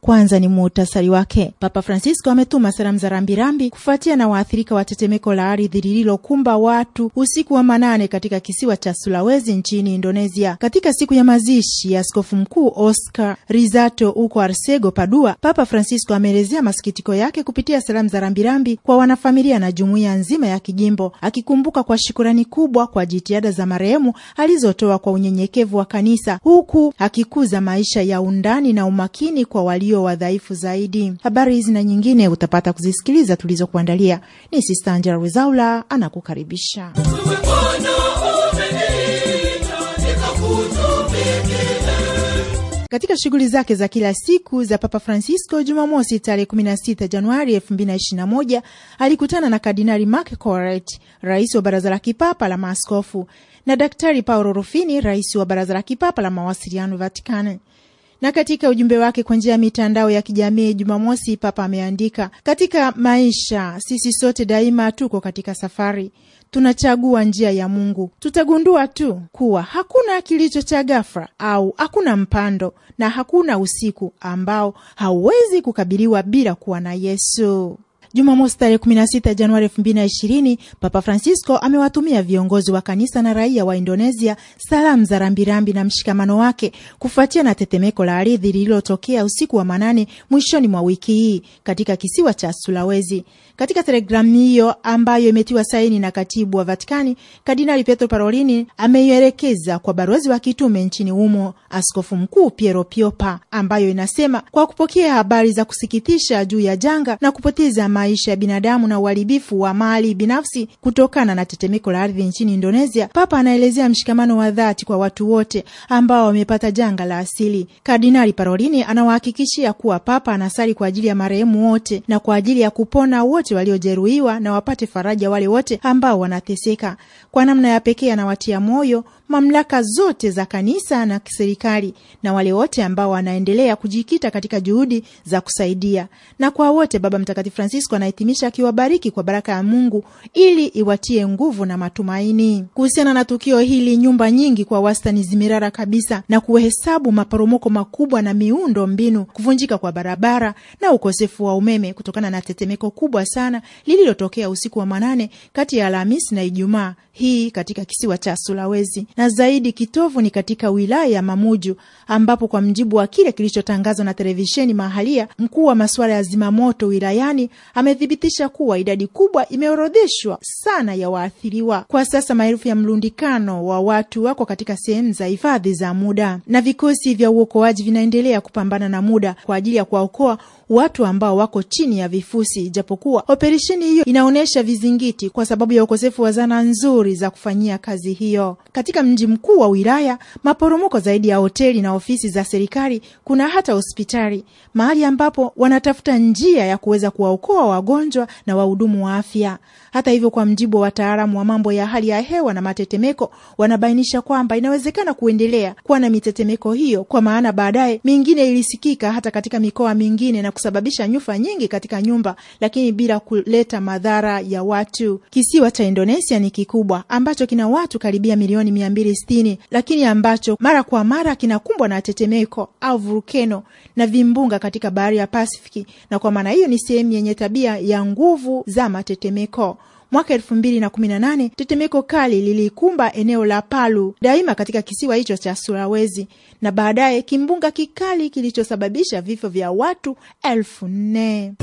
kwanza ni muhtasari wake. Papa Francisco ametuma salamu za rambirambi kufuatia na waathirika wa tetemeko la ardhi lililokumba watu usiku wa manane katika kisiwa cha Sulawesi nchini Indonesia. Katika siku ya mazishi ya askofu mkuu Oscar Rizato huko Arsego, Padua, Papa Francisco ameelezea masikitiko yake kupitia salamu za rambirambi kwa wanafamilia na jumuiya nzima ya kijimbo, akikumbuka kwa shukurani kubwa kwa jitihada za marehemu alizotoa kwa unyenyekevu wa kanisa, huku akikuza maisha ya undani na umakini kwa walio walio wadhaifu zaidi. Habari hizi na nyingine utapata kuzisikiliza tulizokuandalia. Ni Sista Angela Rwezaula anakukaribisha. Katika shughuli zake za kila siku za Papa Francisco, Jumamosi tarehe 16 Januari 2021 alikutana na Kardinali Mark Coret, rais wa Baraza la Kipapa la Maaskofu, na Daktari Paolo Rufini, rais wa Baraza la Kipapa la Mawasiliano Vatikani. Na katika ujumbe wake kwa njia ya mitandao ya kijamii Jumamosi, Papa ameandika katika maisha, sisi sote daima tuko katika safari, tunachagua njia ya Mungu. Tutagundua tu kuwa hakuna kilicho cha ghafla au hakuna mpando na hakuna usiku ambao hauwezi kukabiliwa bila kuwa na Yesu. Jumamosi tarehe 16 Januari 2020, Papa Francisco amewatumia viongozi wa kanisa na raia wa Indonesia salamu za rambirambi na mshikamano wake kufuatia na tetemeko la ardhi lililotokea usiku wa manane mwishoni mwa wiki hii katika kisiwa cha Sulawesi. Katika telegramu hiyo ambayo imetiwa saini na katibu wa Vatikani, Kardinali Pietro Parolini ameielekeza kwa barozi wa kitume nchini humo, Askofu Mkuu Piero Piopa, ambayo inasema kwa kupokea habari za kusikitisha juu ya janga na kupoteza maisha ya binadamu na uharibifu wa mali binafsi kutokana na tetemeko la ardhi nchini Indonesia, Papa anaelezea mshikamano wa dhati kwa watu wote ambao wamepata janga la asili. Kardinali Parolini anawahakikishia kuwa Papa anasali kwa ajili ya marehemu wote na kwa ajili ya kupona wote waliojeruhiwa na wapate faraja wale wote ambao wanateseka. Kwa namna ya pekee anawatia moyo mamlaka zote za kanisa na serikali na wale wote ambao wanaendelea kujikita katika juhudi za kusaidia. Na kwa wote, Baba Mtakatifu Francisco anahitimisha akiwabariki kwa baraka ya Mungu ili iwatie nguvu na matumaini. Kuhusiana na tukio hili, nyumba nyingi kwa wastani zimerara kabisa na kuhesabu maporomoko makubwa na miundo mbinu kuvunjika kwa barabara na ukosefu wa umeme kutokana na tetemeko kubwa sana lililotokea usiku wa manane kati ya Alhamisi na Ijumaa hii katika kisiwa cha Sulawesi na zaidi kitovu ni katika wilaya ya Mamuju, ambapo kwa mjibu wa kile kilichotangazwa na televisheni mahalia, mkuu wa masuala ya zimamoto wilayani amethibitisha kuwa idadi kubwa imeorodheshwa sana ya waathiriwa. Kwa sasa maelfu ya mlundikano wa watu wako katika sehemu za hifadhi za muda na vikosi vya uokoaji vinaendelea kupambana na muda kwa ajili ya kuwaokoa watu ambao wako chini ya vifusi, japokuwa operesheni hiyo inaonyesha vizingiti kwa sababu ya ukosefu wa zana nzuri za kufanyia kazi hiyo. Katika mji mkuu wa wilaya, maporomoko zaidi ya hoteli na ofisi za serikali, kuna hata hospitali, mahali ambapo wanatafuta njia ya kuweza kuwaokoa wagonjwa na wahudumu wa afya. Hata hivyo, kwa mjibu wa wataalamu wa mambo ya hali ya hewa na matetemeko, wanabainisha kwamba inawezekana kuendelea kuwa na mitetemeko hiyo, kwa maana baadaye mingine ilisikika hata katika mikoa mingine na kusababisha nyufa nyingi katika nyumba, lakini bila kuleta madhara ya watu. Kisiwa cha Indonesia ni kikubwa ambacho kina watu karibia milioni mia mbili stini lakini ambacho mara kwa mara kinakumbwa na tetemeko au vulkeno na vimbunga katika bahari ya Pasifiki, na kwa maana hiyo ni sehemu yenye tabia ya nguvu za matetemeko. Mwaka elfu mbili na kumi na nane tetemeko kali lilikumba eneo la Palu daima katika kisiwa hicho cha sulawezi na baadaye kimbunga kikali kilichosababisha vifo vya watu elfu nne.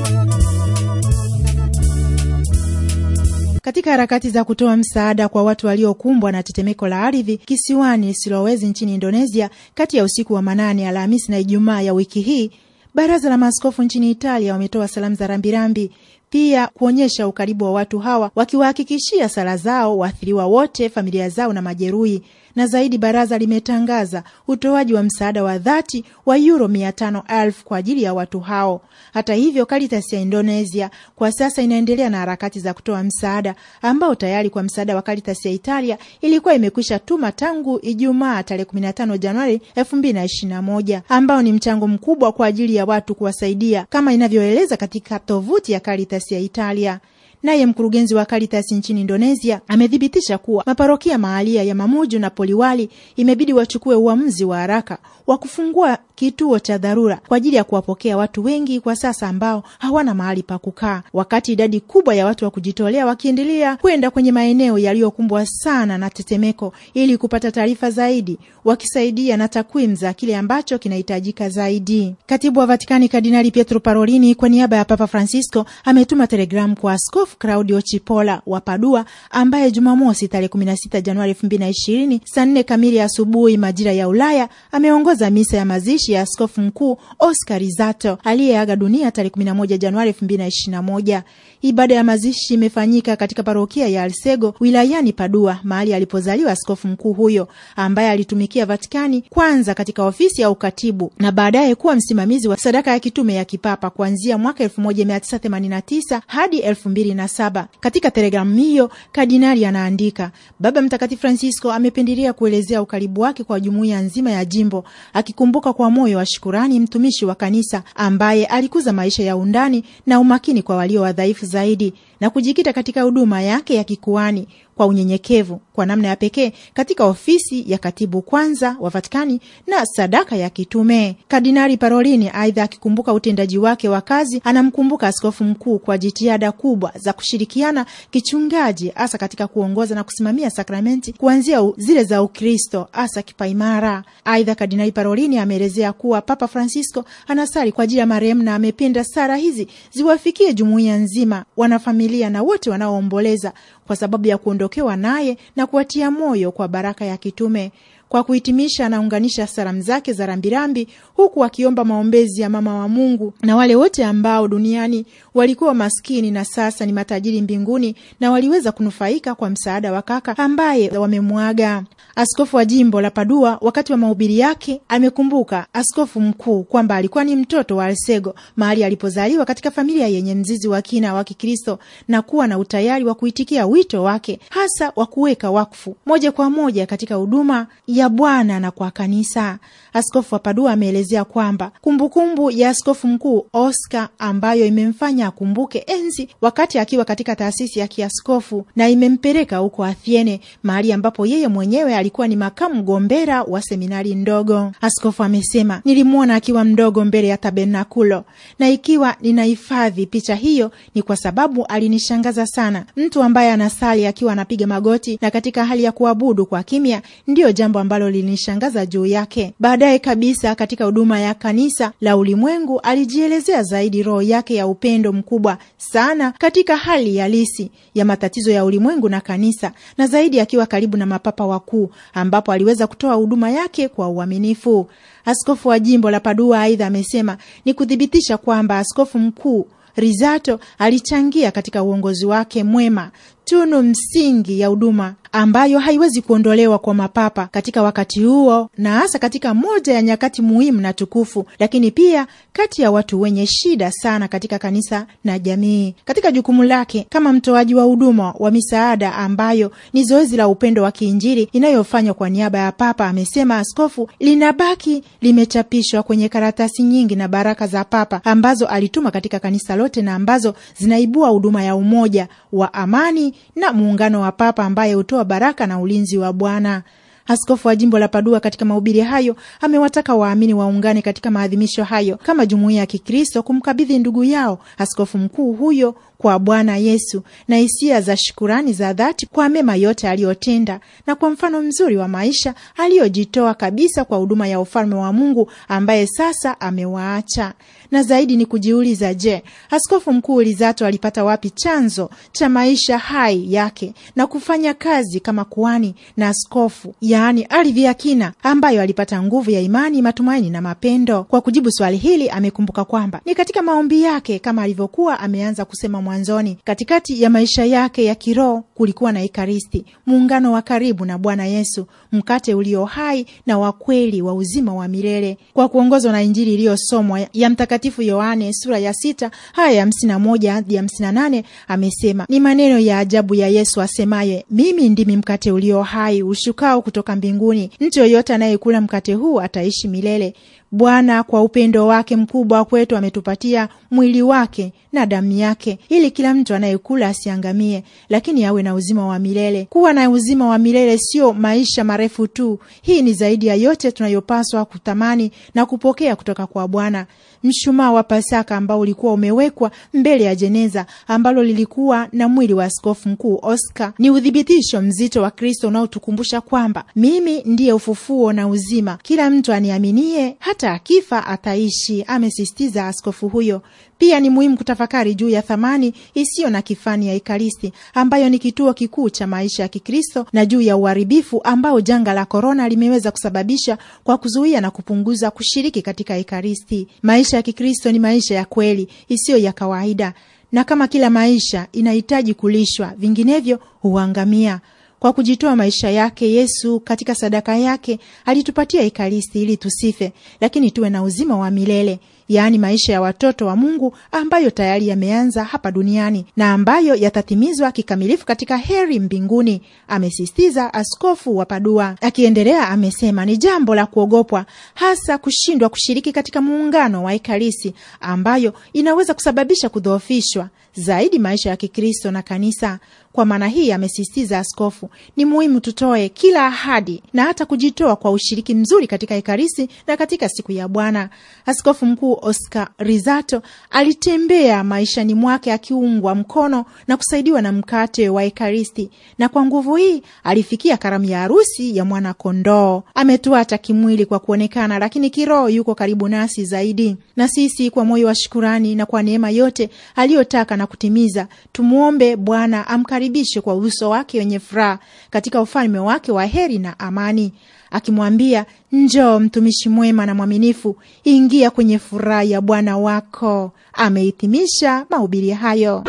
Katika harakati za kutoa msaada kwa watu waliokumbwa na tetemeko la ardhi kisiwani sulawezi nchini Indonesia, kati ya usiku wa manane Alhamisi na Ijumaa ya wiki hii, baraza la maaskofu nchini Italia wametoa salamu za rambirambi pia kuonyesha ukaribu wa watu hawa, wakiwahakikishia sala zao waathiriwa wote, familia zao na majeruhi na zaidi, baraza limetangaza utoaji wa msaada wa dhati wa yuro mia tano elfu kwa ajili ya watu hao. Hata hivyo, Karitas ya Indonesia kwa sasa inaendelea na harakati za kutoa msaada ambao tayari kwa msaada wa Karitas ya Italia ilikuwa imekwisha tuma tangu Ijumaa tarehe 15 Januari 2021 ambao ni mchango mkubwa kwa ajili ya watu kuwasaidia kama inavyoeleza katika tovuti ya Karitas ya Italia. Naye mkurugenzi wa Caritas nchini Indonesia amethibitisha kuwa maparokia mahalia ya Mamuju na Poliwali imebidi wachukue uamuzi wa haraka wa kufungua kituo cha dharura kwa ajili ya kuwapokea watu wengi kwa sasa ambao hawana mahali pa kukaa, wakati idadi kubwa ya watu wa kujitolea wakiendelea kwenda kwenye maeneo yaliyokumbwa sana na tetemeko ili kupata taarifa zaidi, wakisaidia na takwimu za kile ambacho kinahitajika zaidi. Katibu wa Vatikani Kardinali Pietro Parolini kwa niaba ya Papa Francisco ametuma telegramu kwa Askofu Claudio Chipola wa Padua ambaye Jumamosi tarehe 16 Januari 2020 saa 4 kamili ya asubuhi majira ya Ulaya ameongoza misa ya mazishi mazishi ya askofu mkuu Oscar Rizato aliyeaga dunia tarehe 11 Januari 2021. Ibada ya mazishi imefanyika katika parokia ya Alsego wilayani Padua, mahali alipozaliwa askofu mkuu huyo ambaye alitumikia Vatikani kwanza katika ofisi ya ukatibu na baadaye kuwa msimamizi wa sadaka ya kitume ya kipapa kuanzia mwaka 1989 hadi 2007. Katika telegramu hiyo, kardinali anaandika, Baba Mtakatifu Francisco amependelea kuelezea ukaribu wake kwa jumuiya nzima ya jimbo akikumbuka kwa moyo wa shukurani mtumishi wa kanisa ambaye alikuza maisha ya undani na umakini kwa walio wadhaifu zaidi na kujikita katika huduma yake ya kikuani kwa unyenyekevu kwa namna ya pekee katika ofisi ya katibu kwanza wa Vatikani na sadaka ya kitume. Kardinali Parolini, aidha, akikumbuka utendaji wake wa kazi, anamkumbuka askofu mkuu kwa jitihada kubwa za kushirikiana kichungaji, hasa katika kuongoza na kusimamia sakramenti kuanzia zile za Ukristo, hasa kipaimara. Aidha, Kardinali Parolini ameelezea kuwa Papa Francisco anasali kwa ajili ya marehemu na amependa sara hizi ziwafikie jumuiya nzima, wanafamilia familia na wote wanaoomboleza kwa sababu ya kuondokewa naye na kuwatia moyo kwa baraka ya kitume. Kwa kuhitimisha, anaunganisha salamu zake za rambirambi huku akiomba maombezi ya mama wa Mungu na wale wote ambao duniani walikuwa maskini na sasa ni matajiri mbinguni na waliweza kunufaika kwa msaada wa kaka ambaye wamemwaga. Askofu wa jimbo la Padua wakati wa mahubiri yake amekumbuka askofu mkuu kwamba alikuwa ni mtoto wa Alsego mahali alipozaliwa katika familia yenye mzizi wa kina wa Kikristo na kuwa na utayari wa kuitikia wito wake hasa wa kuweka wakfu moja kwa moja katika huduma ya ya Bwana na kwa kanisa. Askofu wa Padua ameelezea kwamba kumbukumbu ya askofu mkuu Oscar ambayo imemfanya akumbuke enzi wakati akiwa katika taasisi ya kiaskofu na imempeleka huko Athiene, mahali ambapo yeye mwenyewe alikuwa ni makamu gombera wa seminari ndogo. Askofu amesema, nilimwona akiwa mdogo mbele ya tabernakulo, na ikiwa ninahifadhi picha hiyo ni kwa sababu alinishangaza sana. Mtu ambaye anasali akiwa anapiga magoti na katika hali ya kuabudu kwa kimya, ndiyo jambo ambalo lilinishangaza juu yake. Baadaye kabisa, katika huduma ya kanisa la ulimwengu, alijielezea zaidi roho yake ya upendo mkubwa sana katika hali halisi ya matatizo ya ulimwengu na kanisa, na zaidi akiwa karibu na mapapa wakuu, ambapo aliweza kutoa huduma yake kwa uaminifu. Askofu wa jimbo la Padua aidha amesema ni kuthibitisha kwamba askofu mkuu Rizato alichangia katika uongozi wake mwema tunu msingi ya huduma ambayo haiwezi kuondolewa kwa mapapa katika wakati huo na hasa katika moja ya nyakati muhimu na tukufu, lakini pia kati ya watu wenye shida sana katika kanisa na jamii. Katika jukumu lake kama mtoaji wa huduma wa misaada, ambayo ni zoezi la upendo wa kiinjili inayofanywa kwa niaba ya papa, amesema askofu, linabaki limechapishwa kwenye karatasi nyingi na baraka za papa ambazo alituma katika kanisa lote na ambazo zinaibua huduma ya umoja wa amani na muungano wa Papa ambaye hutoa baraka na ulinzi wa Bwana. Askofu wa jimbo la Padua katika mahubiri hayo amewataka waamini waungane katika maadhimisho hayo kama jumuiya ya Kikristo kumkabidhi ndugu yao askofu mkuu huyo kwa Bwana Yesu na hisia za shukurani za dhati kwa mema yote aliyotenda na kwa mfano mzuri wa maisha aliyojitoa kabisa kwa huduma ya ufalme wa Mungu ambaye sasa amewaacha na zaidi ni kujiuliza, je, askofu mkuu Lizato alipata wapi chanzo cha maisha hai yake na kufanya kazi kama kuani na askofu, yaani ardhi ya kina ambayo alipata nguvu ya imani, matumaini na mapendo? Kwa kujibu swali hili, amekumbuka kwamba ni katika maombi yake, kama alivyokuwa ameanza kusema mwanzoni, katikati ya maisha yake ya kiroho kulikuwa na Ekaristi, muungano wa karibu na Bwana Yesu, mkate ulio hai na wa kweli wa uzima wa milele, kwa kuongozwa na Injili iliyosomwa ya Mtakatifu Mtakatifu Yohane sura ya sita haya hamsini na moja hadi hamsini na nane amesema ni maneno ya ajabu ya Yesu asemaye, mimi ndimi mkate ulio hai ushukao kutoka mbinguni, mtu yoyote anayekula mkate huu ataishi milele. Bwana kwa upendo wake mkubwa kwetu ametupatia mwili wake na damu yake, ili kila mtu anayekula asiangamie, lakini awe na uzima wa milele. Kuwa na uzima wa milele sio maisha marefu tu. Hii ni zaidi ya yote tunayopaswa kutamani na kupokea kutoka kwa Bwana. Mshumaa wa Pasaka ambao ulikuwa umewekwa mbele ya jeneza ambalo lilikuwa na mwili wa askofu mkuu Oscar ni uthibitisho mzito wa Kristo unaotukumbusha kwamba mimi ndiye ufufuo na uzima, kila mtu aniaminie hata hata akifa ataishi, amesisitiza askofu huyo. Pia ni muhimu kutafakari juu ya thamani isiyo na kifani ya Ekaristi ambayo ni kituo kikuu cha maisha ya Kikristo na juu ya uharibifu ambao janga la korona limeweza kusababisha kwa kuzuia na kupunguza kushiriki katika Ekaristi. Maisha ya Kikristo ni maisha ya kweli isiyo ya kawaida, na kama kila maisha inahitaji kulishwa, vinginevyo huangamia. Kwa kujitoa maisha yake, Yesu katika sadaka yake alitupatia Ekaristi ili tusife, lakini tuwe na uzima wa milele yaani maisha ya watoto wa Mungu ambayo tayari yameanza hapa duniani na ambayo yatatimizwa kikamilifu katika heri mbinguni, amesisitiza askofu wa Padua. Akiendelea amesema ni jambo la kuogopwa hasa kushindwa kushiriki katika muungano wa Ekaristi ambayo inaweza kusababisha kudhoofishwa zaidi maisha ya Kikristo na kanisa. Kwa maana hii, amesisitiza askofu, ni muhimu tutoe kila ahadi na hata kujitoa kwa ushiriki mzuri katika Ekaristi na katika siku ya Bwana. Askofu mkuu Oscar Rizzato alitembea maishani mwake akiungwa mkono na kusaidiwa na mkate wa Ekaristi, na kwa nguvu hii alifikia karamu ya harusi ya mwana kondoo. Ametuacha kimwili kwa kuonekana, lakini kiroho yuko karibu nasi zaidi, na sisi kwa moyo wa shukurani na kwa neema yote aliyotaka na kutimiza, tumwombe Bwana amkaribishe kwa uso wake wenye furaha katika ufalme wake wa heri na amani akimwambia, njoo mtumishi mwema na mwaminifu, ingia kwenye furaha ya Bwana wako. Amehitimisha mahubiri hayo.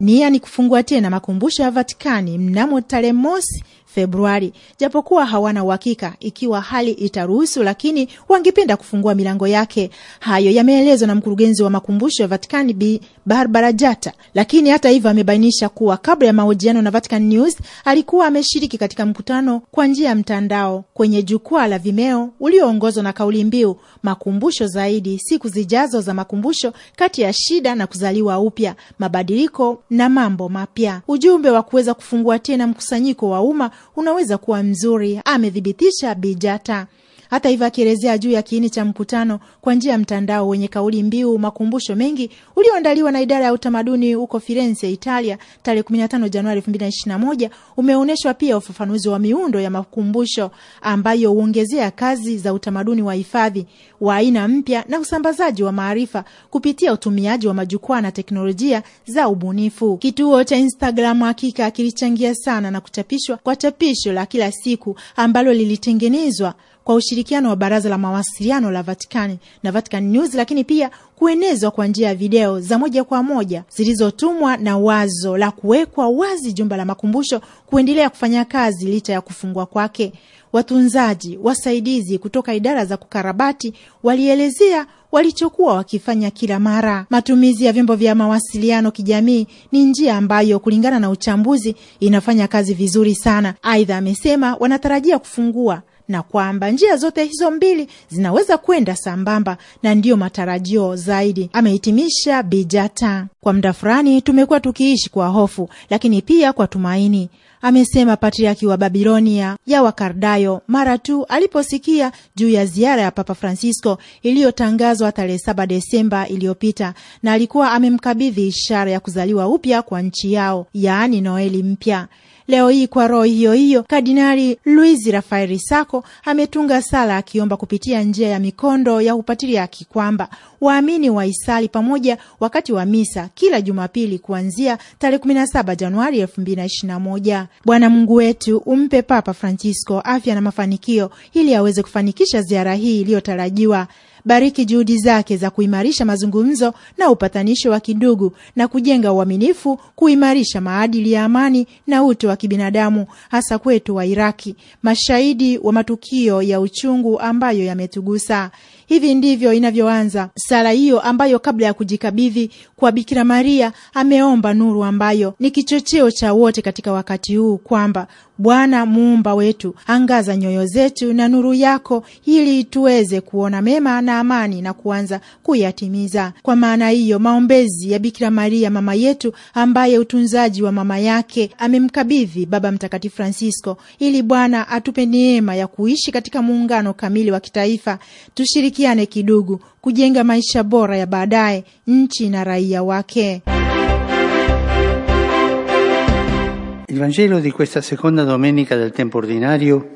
Nia ni kufungua tena makumbusho ya Vatikani mnamo tarehe mosi Februari, japokuwa hawana uhakika ikiwa hali itaruhusu, lakini wangependa kufungua milango yake. Hayo yameelezwa na mkurugenzi wa makumbusho ya Vatican Bi Barbara Jata, lakini hata hivyo amebainisha kuwa kabla ya mahojiano na Vatican News alikuwa ameshiriki katika mkutano kwa njia ya mtandao kwenye jukwaa la Vimeo ulioongozwa na kauli mbiu makumbusho zaidi, siku zijazo za makumbusho, kati ya shida na kuzaliwa upya, mabadiliko na mambo mapya, ujumbe wa kuweza kufungua tena mkusanyiko wa umma unaweza kuwa mzuri, amethibitisha Bijata. Hata hivyo, akielezea juu ya kiini cha mkutano kwa njia ya mtandao wenye kauli mbiu makumbusho mengi ulioandaliwa na idara ya utamaduni huko Firenze, Italia, tarehe 15 Januari 2021 umeonyeshwa pia ufafanuzi wa miundo ya makumbusho ambayo huongezea kazi za utamaduni wa hifadhi wa aina mpya na usambazaji wa maarifa kupitia utumiaji wa majukwaa na teknolojia za ubunifu. Kituo cha Instagram hakika kilichangia sana na kuchapishwa kwa chapisho la kila siku ambalo lilitengenezwa kwa ushirikiano wa Baraza la Mawasiliano la Vatikani na Vatican News, lakini pia kuenezwa kwa njia ya video za moja kwa moja zilizotumwa na wazo la kuwekwa wazi jumba la makumbusho kuendelea kufanya kazi licha ya kufungwa kwake. Watunzaji wasaidizi kutoka idara za kukarabati walielezea walichokuwa wakifanya kila mara. Matumizi ya vyombo vya mawasiliano kijamii ni njia ambayo kulingana na uchambuzi inafanya kazi vizuri sana. Aidha, amesema wanatarajia kufungua na kwamba njia zote hizo mbili zinaweza kwenda sambamba na ndiyo matarajio zaidi, amehitimisha Bijata. Kwa muda fulani tumekuwa tukiishi kwa hofu, lakini pia kwa tumaini, amesema patriaki wa Babilonia ya Wakardayo mara tu aliposikia juu ya ziara ya Papa Francisco iliyotangazwa tarehe saba Desemba iliyopita, na alikuwa amemkabidhi ishara ya kuzaliwa upya kwa nchi yao, yaani Noeli mpya. Leo hii kwa roho hiyo hiyo, Kardinali luizi Rafaeli Sako ametunga sala akiomba kupitia njia ya mikondo ya upatiriaki kwamba waamini waisali pamoja wakati wa misa kila Jumapili kuanzia tarehe 17 Januari 2021. Bwana Mungu wetu umpe Papa Francisco afya na mafanikio ili aweze kufanikisha ziara hii iliyotarajiwa bariki juhudi zake za kuimarisha mazungumzo na upatanisho wa kidugu na kujenga uaminifu, kuimarisha maadili ya amani na utu wa kibinadamu, hasa kwetu wa Iraki, mashahidi wa matukio ya uchungu ambayo yametugusa. Hivi ndivyo inavyoanza sala hiyo ambayo kabla ya kujikabidhi kwa Bikira Maria ameomba nuru ambayo ni kichocheo cha wote katika wakati huu kwamba Bwana muumba wetu, angaza nyoyo zetu na nuru yako, ili tuweze kuona mema na amani na kuanza kuyatimiza. Kwa maana hiyo, maombezi ya Bikira Maria mama yetu, ambaye utunzaji wa mama yake amemkabidhi Baba Mtakatifu Francisco, ili Bwana atupe neema ya kuishi katika muungano kamili wa kitaifa tushiriki tushirikiane kidugu kujenga maisha bora ya baadaye nchi na raia wake. Il Vangelo di questa seconda domenica del tempo ordinario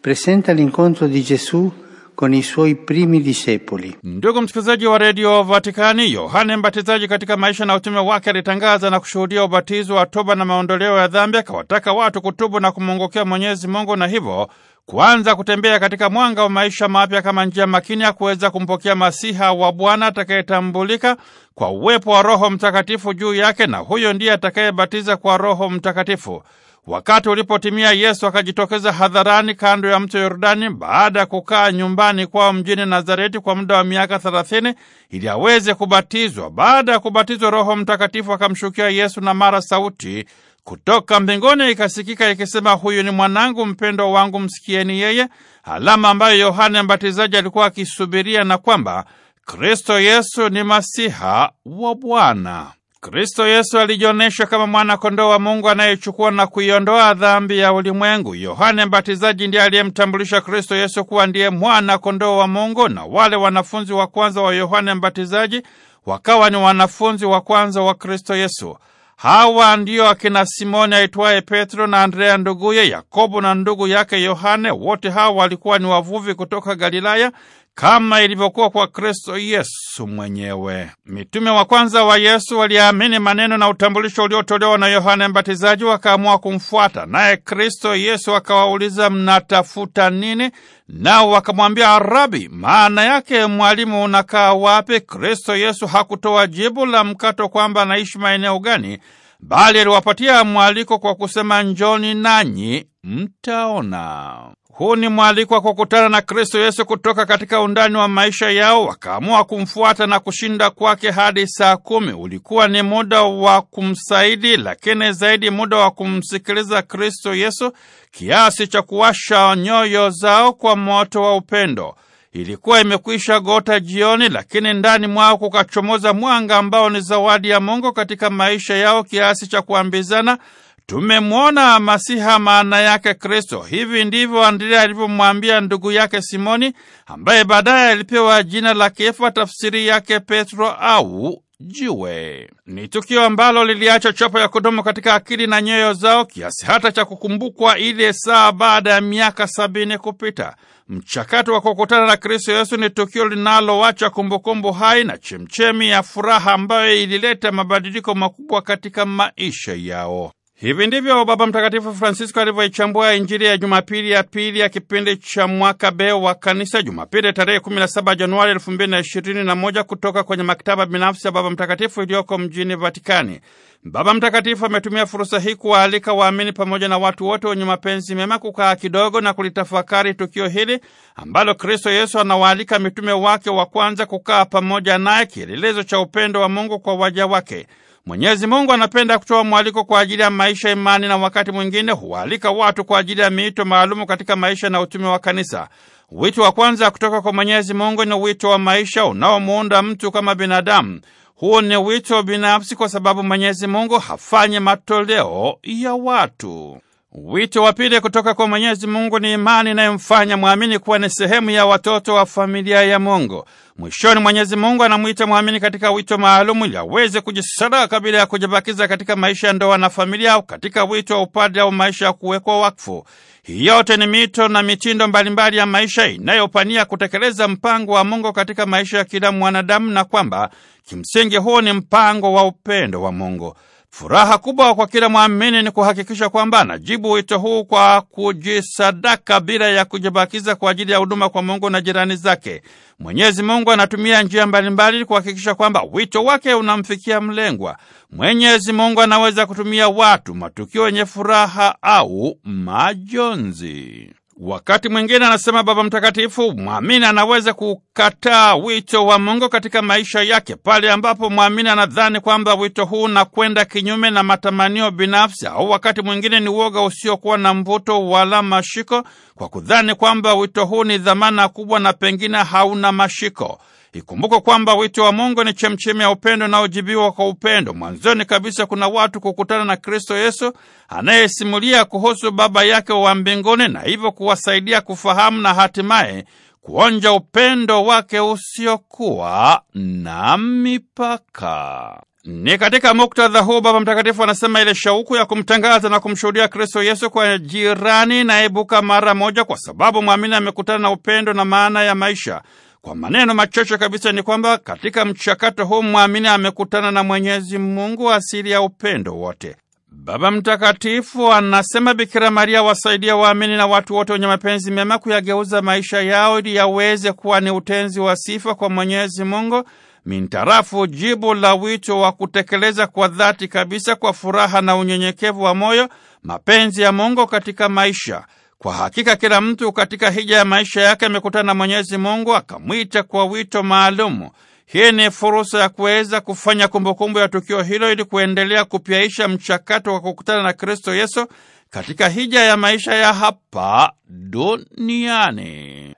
presenta l'incontro di Gesù con i suoi primi discepoli. Ndugu msikilizaji wa redio Vatikani, Yohane Mbatizaji katika maisha na utume wake alitangaza na kushuhudia ubatizo wa toba na maondoleo ya dhambi, akawataka watu kutubu na kumwongokea Mwenyezi Mungu na hivyo kuanza kutembea katika mwanga wa maisha mapya kama njia makini ya kuweza kumpokea Masiha wa Bwana atakayetambulika kwa uwepo wa Roho Mtakatifu juu yake, na huyo ndiye atakayebatiza kwa Roho Mtakatifu. Wakati ulipotimia Yesu akajitokeza hadharani kando ya mto Yordani baada ya kukaa nyumbani kwao mjini Nazareti kwa muda wa miaka thelathini ili aweze kubatizwa. Baada ya kubatizwa, Roho Mtakatifu akamshukia Yesu na mara sauti kutoka mbinguni ikasikika ikisema, huyu ni mwanangu mpendwa wangu, msikieni yeye, alama ambayo Yohane Mbatizaji alikuwa akisubiria na kwamba Kristo Yesu ni Masiha wa Bwana. Kristo Yesu alijionyesha kama mwana kondoo wa Mungu anayechukua na kuiondoa dhambi ya ulimwengu. Yohane Mbatizaji ndiye aliyemtambulisha Kristo Yesu kuwa ndiye mwana kondoo wa Mungu, na wale wanafunzi wa kwanza wa Yohane Mbatizaji wakawa ni wanafunzi wa kwanza wa Kristo Yesu. Hawa ndio akina Simoni aitwaye Petro na Andrea nduguye, Yakobo na ndugu yake Yohane. Wote hawa walikuwa ni wavuvi kutoka Galilaya, kama ilivyokuwa kwa Kristo Yesu mwenyewe. Mitume wa kwanza wa Yesu waliamini maneno na utambulisho uliotolewa na Yohane Mbatizaji, wakaamua kumfuata naye. Kristo Yesu akawauliza, mnatafuta nini? Nao wakamwambia Rabi, maana yake mwalimu, unakaa wapi? Kristo Yesu hakutoa jibu la mkato kwamba anaishi maeneo gani, bali aliwapatia mwaliko kwa kusema, njoni nanyi mtaona. Huu ni mwaliko wa kukutana na Kristo Yesu kutoka katika undani wa maisha yao, wakaamua kumfuata na kushinda kwake hadi saa kumi. Ulikuwa ni muda wa kumsaidi, lakini zaidi muda wa kumsikiliza Kristo Yesu kiasi cha kuwasha nyoyo zao kwa moto wa upendo. Ilikuwa imekwisha gota jioni, lakini ndani mwao kukachomoza mwanga ambao ni zawadi ya Mungu katika maisha yao kiasi cha kuambizana tumemwona Masiha, maana yake Kristo. Hivi ndivyo Andrea alivyomwambia ndugu yake Simoni, ambaye baadaye alipewa jina la Kefa, tafsiri yake Petro au jiwe. Ni tukio ambalo liliacha chopo ya kudumu katika akili na nyoyo zao kiasi hata cha kukumbukwa ile saa baada ya miaka sabini kupita. Mchakato wa kukutana na Kristo Yesu ni tukio linaloacha kumbukumbu hai na chemchemi ya furaha ambayo ilileta mabadiliko makubwa katika maisha yao. Hivi ndivyo Baba Mtakatifu Francisco alivyoichambua Injili ya Jumapili ya pili ya kipindi cha mwaka B wa Kanisa, Jumapili tarehe 17 Januari 2021 kutoka kwenye maktaba binafsi ya Baba Mtakatifu iliyoko mjini Vatikani. Baba Mtakatifu ametumia fursa hii kuwaalika waamini pamoja na watu wote wenye mapenzi mema kukaa kidogo na kulitafakari tukio hili ambalo Kristo Yesu anawaalika mitume wake wa kwanza kukaa pamoja naye, kielelezo cha upendo wa Mungu kwa waja wake. Mwenyezi Mungu anapenda kutoa mwaliko kwa ajili ya maisha, imani na wakati mwingine huwaalika watu kwa ajili ya miito maalumu katika maisha na utume wa kanisa. Wito wa kwanza kutoka kwa Mwenyezi Mungu ni wito wa maisha unaomuunda mtu kama binadamu. Huo ni wito binafsi, kwa sababu Mwenyezi Mungu hafanye matoleo ya watu. Wito wa pili kutoka kwa Mwenyezi Mungu ni imani inayomfanya mwamini kuwa ni sehemu ya watoto wa familia ya Mungu. Mwishoni, Mwenyezi Mungu anamwita mwamini katika wito maalumu ili aweze kujisadaka bila ya kujibakiza katika maisha ya ndoa na familia au katika wito wa upadre au maisha ya kuwekwa wakfu. Hii yote ni mito na mitindo mbalimbali ya maisha inayopania kutekeleza mpango wa Mungu katika maisha ya kila mwanadamu, na kwamba kimsingi huu ni mpango wa upendo wa Mungu. Furaha kubwa kwa kila mwamini ni kuhakikisha kwamba anajibu wito huu kwa kujisadaka bila ya kujibakiza kwa ajili ya huduma kwa Mungu na jirani zake. Mwenyezi Mungu anatumia njia mbalimbali kuhakikisha kwamba wito wake unamfikia mlengwa. Mwenyezi Mungu anaweza kutumia watu, matukio yenye furaha au majonzi. Wakati mwingine anasema Baba Mtakatifu, mwamini anaweza kukataa wito wa Mungu katika maisha yake pale ambapo mwamini anadhani kwamba wito huu unakwenda kinyume na matamanio binafsi, au wakati mwingine ni uoga usiokuwa na mvuto wala mashiko, kwa kudhani kwamba wito huu ni dhamana kubwa na pengine hauna mashiko. Ikumbuka kwamba wito wa Mungu ni chemchemi ya upendo unaojibiwa kwa upendo. Mwanzoni kabisa kuna watu kukutana na Kristo Yesu anayesimulia kuhusu Baba yake wa mbinguni na hivyo kuwasaidia kufahamu na hatimaye kuonja upendo wake usiokuwa na mipaka. Ni katika muktadha huu Baba Mtakatifu anasema ile shauku ya kumtangaza na kumshuhudia Kristo Yesu kwa jirani ebuka mara moja, kwa sababu mwamini amekutana na upendo na maana ya maisha. Kwa maneno machache kabisa ni kwamba katika mchakato huu mwamini amekutana na Mwenyezi Mungu, asili ya upendo wote. Baba Mtakatifu anasema Bikira Maria wasaidia waamini na watu wote wenye mapenzi mema kuyageuza maisha yao ili yaweze kuwa ni utenzi wa sifa kwa Mwenyezi Mungu mintarafu jibu la wito wa kutekeleza kwa dhati kabisa kwa furaha na unyenyekevu wa moyo mapenzi ya Mungu katika maisha. Kwa hakika kila mtu katika hija ya maisha yake amekutana na Mwenyezi Mungu akamwita kwa wito maalumu. Hii ni fursa ya kuweza kufanya kumbukumbu ya tukio hilo ili kuendelea kupyaisha mchakato wa kukutana na Kristo Yesu katika hija ya maisha ya hapa duniani.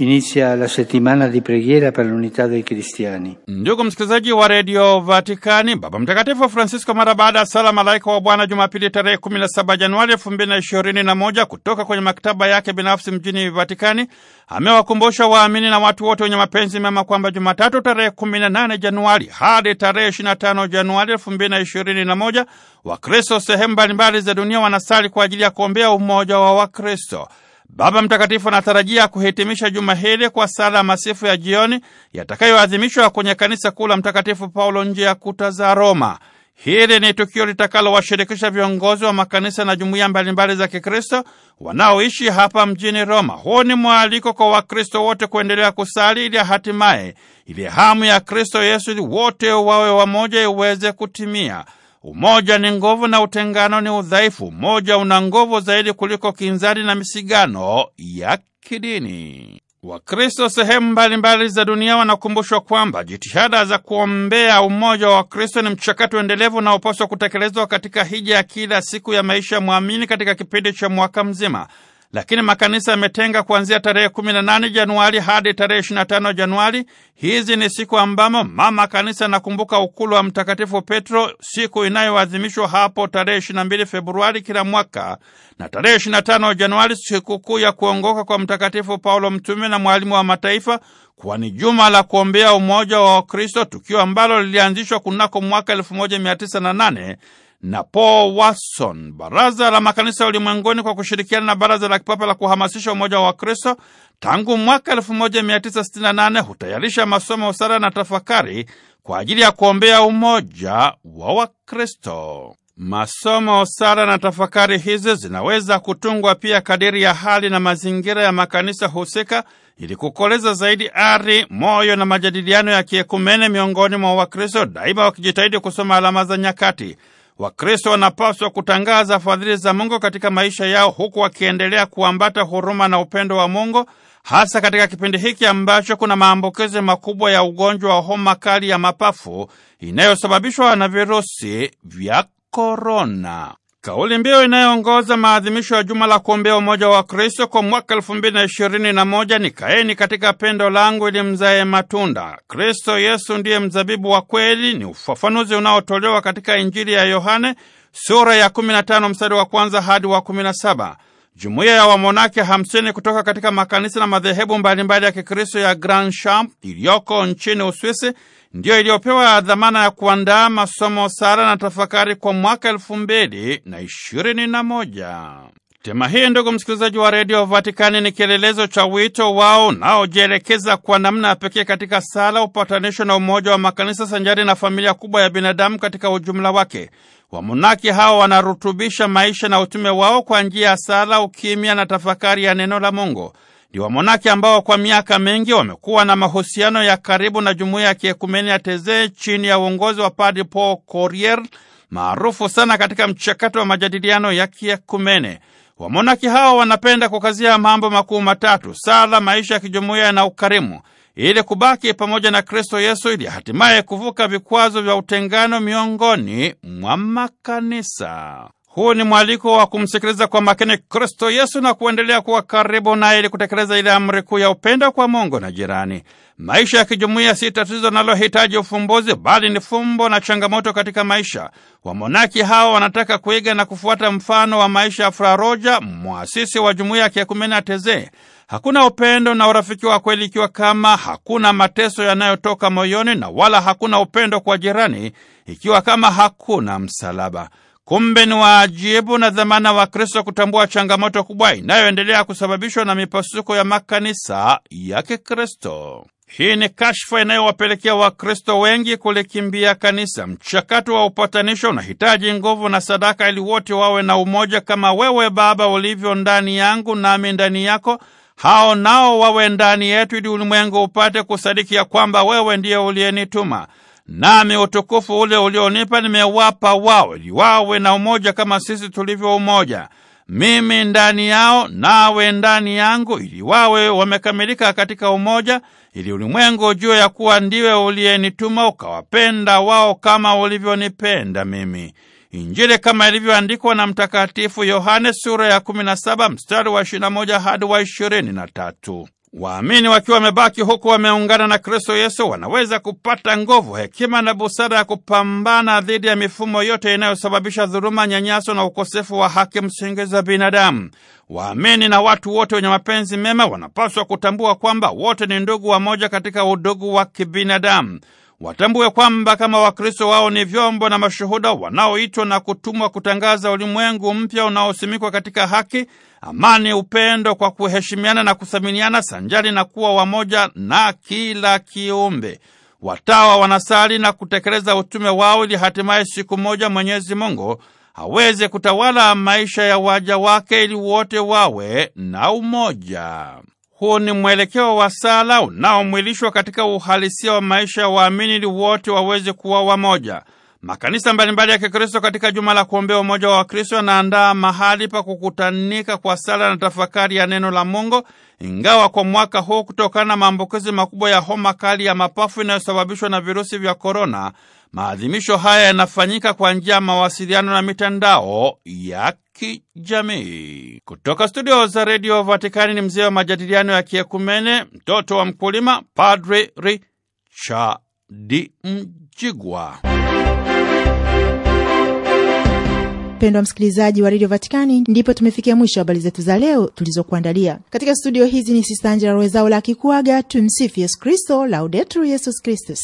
Inizia la settimana di preghiera per l'unità dei cristiani. Ndugu msikilizaji wa redio vaticani Baba Mtakatifu Francisco mara baada ya sala malaika wa Bwana Jumapili tarehe 17 Januari 2021 kutoka kwenye maktaba yake binafsi mjini Vatikani amewakumbusha waamini na watu wote wenye mapenzi mema kwamba Jumatatu tarehe 18 Januari hadi tarehe 25 Januari 2021 Wakristo sehemu mbalimbali za dunia wanasali kwa ajili ya kuombea umoja wa Wakristo. Baba Mtakatifu anatarajia kuhitimisha juma hili kwa sala masifu ya jioni yatakayoadhimishwa kwenye kanisa kuu la Mtakatifu Paulo nje ya kuta za Roma. Hili ni tukio litakalowashirikisha viongozi wa makanisa na jumuiya mbalimbali za Kikristo wanaoishi hapa mjini Roma. Huu ni mwaliko kwa Wakristo wote kuendelea kusali ili hatimaye ile hamu ya Kristo Yesu wote wawe wamoja iweze kutimia. Umoja ni nguvu na utengano ni udhaifu. Umoja una nguvu zaidi kuliko kinzani na misigano ya kidini. Wakristo sehemu mbalimbali za dunia wanakumbushwa kwamba jitihada za kuombea umoja wa Wakristo ni mchakato endelevu unaopaswa kutekelezwa katika hija ya kila siku ya maisha ya mwamini katika kipindi cha mwaka mzima lakini makanisa yametenga kuanzia tarehe 18 Januari hadi tarehe 25 Januari. Hizi ni siku ambamo mama kanisa nakumbuka ukulu wa Mtakatifu Petro, siku inayoadhimishwa hapo tarehe 22 Februari kila mwaka, na tarehe 25 Januari sikukuu ya kuongoka kwa Mtakatifu Paulo mtume na mwalimu wa mataifa, kwani juma la kuombea umoja wa Wakristo, tukio ambalo lilianzishwa kunako mwaka 1908 na Paul Watson. Baraza la Makanisa Ulimwenguni kwa kushirikiana na Baraza la Kipapa la Kuhamasisha Umoja wa Kristo tangu mwaka 1968 hutayarisha masomo ya sala na tafakari kwa ajili ya kuombea umoja wa Wakristo. Masomo, sala na tafakari hizi zinaweza kutungwa pia kadiri ya hali na mazingira ya makanisa husika ili kukoleza zaidi ari, moyo na majadiliano ya kiekumene miongoni mwa Wakristo, daima wakijitahidi kusoma alama za nyakati. Wakristo wanapaswa kutangaza fadhili za Mungu katika maisha yao huku wakiendelea kuambata huruma na upendo wa Mungu, hasa katika kipindi hiki ambacho kuna maambukizi makubwa ya ugonjwa wa homa kali ya mapafu inayosababishwa na virusi vya korona. Kauli mbiu inayoongoza maadhimisho ya juma la kuombea umoja wa Kristo kwa mwaka elfu mbili na ishirini na moja ni kaeni katika pendo langu ili mzae matunda. Kristo Yesu ndiye mzabibu wa kweli, ni ufafanuzi unaotolewa katika Injili ya Yohane sura ya 15 mstari wa kwanza hadi wa 17. Jumuiya ya wamonaki 50 kutoka katika makanisa na madhehebu mbalimbali ya Kikristo ya Grand Champ iliyoko nchini Uswisi ndiyo iliyopewa dhamana ya kuandaa masomo sara na tafakari kwa mwaka elfu mbili na ishirini na moja. Tema hii, ndugu msikilizaji wa redio Vatikani, ni kielelezo cha wito wao unaojielekeza kwa namna ya pekee katika sala, upatanisho na umoja wa makanisa sanjari na familia kubwa ya binadamu katika ujumla wake. Wamonaki hao wanarutubisha maisha na utume wao kwa njia ya sala, ukimya na tafakari ya neno la Mungu ni wamonaki ambao kwa miaka mengi wamekuwa na mahusiano ya karibu na jumuiya ya kiekumeni ya Teze chini ya uongozi wa Padre Paul corier maarufu sana katika mchakato wa majadiliano ya kiekumene. Wamonaki hawa wanapenda kukazia mambo makuu matatu: sala, maisha ya kijumuiya na ukarimu, ili kubaki pamoja na Kristo Yesu, ili hatimaye kuvuka vikwazo vya utengano miongoni mwa makanisa. Huu ni mwaliko wa kumsikiliza kwa makini Kristo Yesu na kuendelea kuwa karibu naye ili kutekeleza ile amri kuu ya upendo kwa Mungu na jirani. Maisha ya kijumuiya si tatizo linalohitaji ufumbuzi, bali ni fumbo na changamoto katika maisha. Wamonaki hawa wanataka kuiga na kufuata mfano wa maisha ya Fraroja, mwasisi wa jumuiya ya Kiekumene ya Hakuna upendo na urafiki wa kweli ikiwa kama hakuna mateso yanayotoka moyoni, na wala hakuna upendo kwa jirani ikiwa kama hakuna msalaba. Kumbe ni waajibu na dhamana wa Kristo kutambua changamoto kubwa inayoendelea kusababishwa na mipasuko ya makanisa ya Kikristo. Hii ni kashfa inayowapelekea Wakristo wengi kulikimbia kanisa. Mchakato wa upatanisho unahitaji nguvu na sadaka, ili wote wawe na umoja, kama wewe Baba ulivyo ndani yangu nami ndani yako, hao nao wawe ndani yetu, ili ulimwengu upate kusadiki ya kwamba wewe ndiye uliyenituma nami utukufu ule ulionipa nimewapa wao, ili wawe na umoja kama sisi tulivyo umoja, mimi ndani yao nawe ndani yangu, ili wawe wamekamilika katika umoja, ili ulimwengu ujue ya kuwa ndiwe uliyenituma ukawapenda wao kama ulivyonipenda mimi. Injili kama ilivyoandikwa na Mtakatifu Yohane sura ya 17 mstari wa 21 hadi wa 23. Waamini wakiwa wamebaki huku wameungana na Kristo Yesu wanaweza kupata nguvu, hekima na busara ya kupambana dhidi ya mifumo yote inayosababisha dhuluma, nyanyaso na ukosefu wa haki msingi za binadamu. Waamini na watu wote wenye mapenzi mema wanapaswa kutambua kwamba wote ni ndugu wamoja katika udugu wa kibinadamu. Watambue kwamba kama Wakristo wao ni vyombo na mashuhuda wanaoitwa na kutumwa kutangaza ulimwengu mpya unaosimikwa katika haki amani, upendo kwa kuheshimiana na kuthaminiana sanjari na kuwa wamoja na kila kiumbe. Watawa wanasali na kutekeleza utume wao ili hatimaye siku moja Mwenyezi Mungu aweze kutawala maisha ya waja wake ili wote wawe na umoja. Huu ni mwelekeo wa sala unaomwilishwa katika uhalisia wa maisha ya waamini ili wote waweze kuwa wamoja. Makanisa mbalimbali ya Kikristo katika juma la kuombea umoja wa Wakristo yanaandaa mahali pa kukutanika kwa sala na tafakari ya neno la Mungu, ingawa kwa mwaka huu kutokana na maambukizi makubwa ya homa kali ya mapafu inayosababishwa na virusi vya korona, maadhimisho haya yanafanyika kwa njia ya mawasiliano na mitandao ya kijamii. Kutoka studio za redio Vatikani ni mzee wa majadiliano ya kiekumene, mtoto wa mkulima, Padre Richard Mjigwa. Mpendwa msikilizaji wa redio Vatikani, ndipo tumefikia mwisho habari zetu za leo tulizokuandalia katika studio hizi. Ni Sista Angela Rwezaula akikuaga. Tumsifu Yesu Kristo, Laudetur Yesus Kristus.